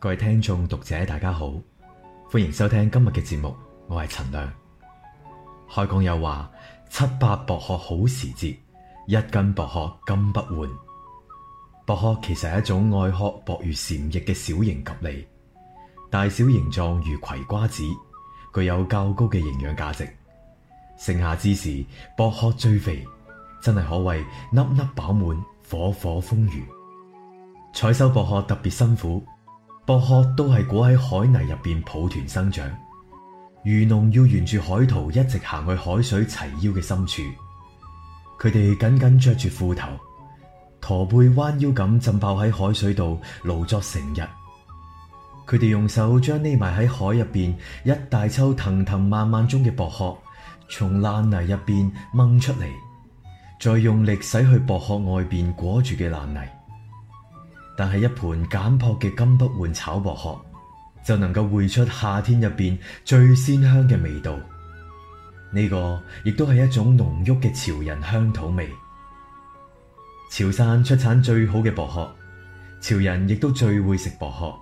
各位聽眾讀者大家好，歡迎收聽今日嘅節目，我係陳亮。開講又話七八薄殼好時節，一斤薄殼金不換。薄殼其實係一種外殼薄，薄如蟬翼嘅小型蛤蜊，大小形狀如葵瓜子，具有較高嘅營養價值。盛夏之時，薄殼最肥，真係可謂粒粒飽滿，火火豐腴。採收薄殼特別辛苦。薄殼都係裹喺海泥入邊抱團生長，漁農要沿住海途一直行去海水齊腰嘅深處，佢哋緊緊着住褲頭，駝背彎腰咁浸泡喺海水度勞作成日。佢哋用手將匿埋喺海入邊一大抽藤藤蔓蔓中嘅薄殼，從爛泥入邊掹出嚟，再用力洗去薄殼外邊裹住嘅爛泥。但係一盤簡樸嘅金不換炒薄殼，就能夠匯出夏天入邊最鮮香嘅味道。呢、這個亦都係一種濃郁嘅潮人鄉土味。潮汕出產最好嘅薄殼，潮人亦都最會食薄殼。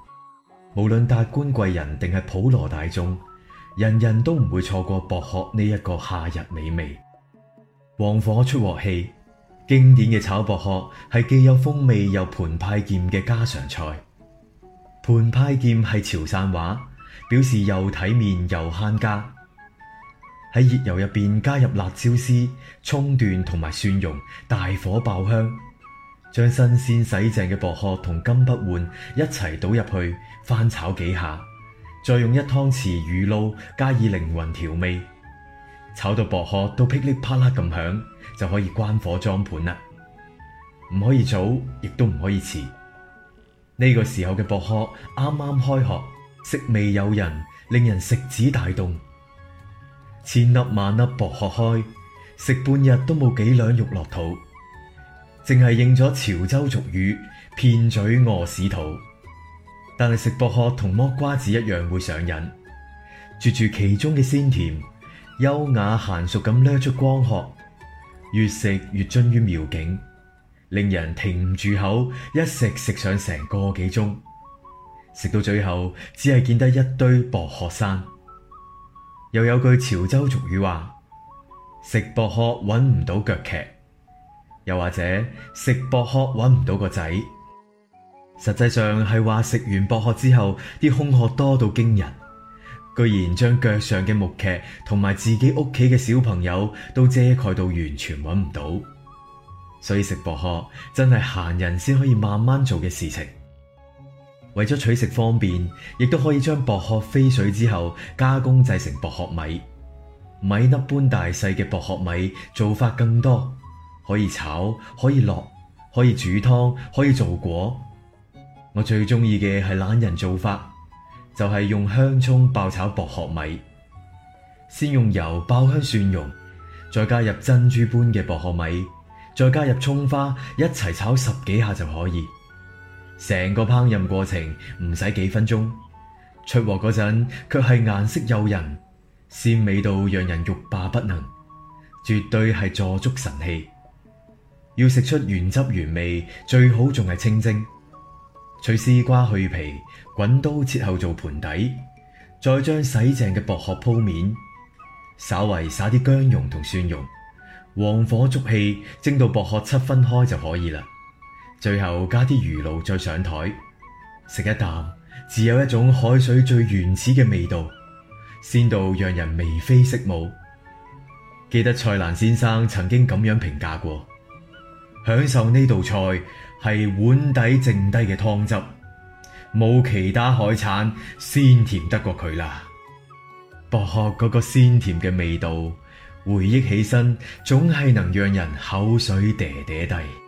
無論達官貴人定係普羅大眾，人人都唔會錯過薄殼呢一個夏日美味。旺火出鑊氣。經典嘅炒薄殼係既有風味又盤派劍嘅家常菜。盤派劍係潮汕話，表示又體面又慳家。喺熱油入邊加入辣椒絲、葱段同埋蒜蓉，大火爆香。將新鮮洗淨嘅薄殼同金不換一齊倒入去，翻炒幾下，再用一湯匙魚露加以靈魂調味。炒到薄殼都噼里啪啦咁響，就可以關火裝盤啦。唔可以早，亦都唔可以遲。呢個時候嘅薄殼啱啱開殼，色味誘人，令人食指大動。千粒萬粒薄殼開，食半日都冇幾兩肉落肚，淨係應咗潮州俗語：騙嘴餓屎肚。但係食薄殼同剝瓜子一樣會上癮，絕住其中嘅鮮甜。優雅嫻熟咁掠出光殼，越食越臻於妙境，令人停唔住口，一食食上成個幾鐘。食到最後，只係見得一堆薄殼山。又有句潮州俗語話：食薄殼揾唔到腳屐，又或者食薄殼揾唔到個仔。實際上係話食完薄殼之後，啲空殼多到驚人。居然將腳上嘅木屐同埋自己屋企嘅小朋友都遮蓋到完全揾唔到，所以食薄殼真係閒人先可以慢慢做嘅事情。為咗取食方便，亦都可以將薄殼飛水之後加工製成薄殼米，米粒般大細嘅薄殼米做法更多，可以炒，可以落，可以煮湯，可以做果。我最中意嘅係懶人做法。就係用香蔥爆炒薄殼米，先用油爆香蒜蓉，再加入珍珠般嘅薄殼米，再加入蔥花一齊炒十幾下就可以。成個烹飪過程唔使幾分鐘，出鍋嗰陣卻係顏色誘人，鮮美到讓人欲罷不能，絕對係助足神器。要食出原汁原味，最好仲係清蒸。取絲瓜去皮，滾刀切後做盤底，再將洗淨嘅薄殼鋪面，稍為灑啲薑蓉同蒜蓉，旺火足氣蒸到薄殼七分開就可以啦。最後加啲魚露再上枱，食一啖，自有一種海水最原始嘅味道，鮮到讓人眉飛色舞。記得蔡瀾先生曾經咁樣評價過：享受呢道菜。係碗底剩低嘅湯汁，冇其他海產鮮甜得過佢啦。薄殼嗰個鮮甜嘅味道，回憶起身，總係能讓人口水嗲嗲地。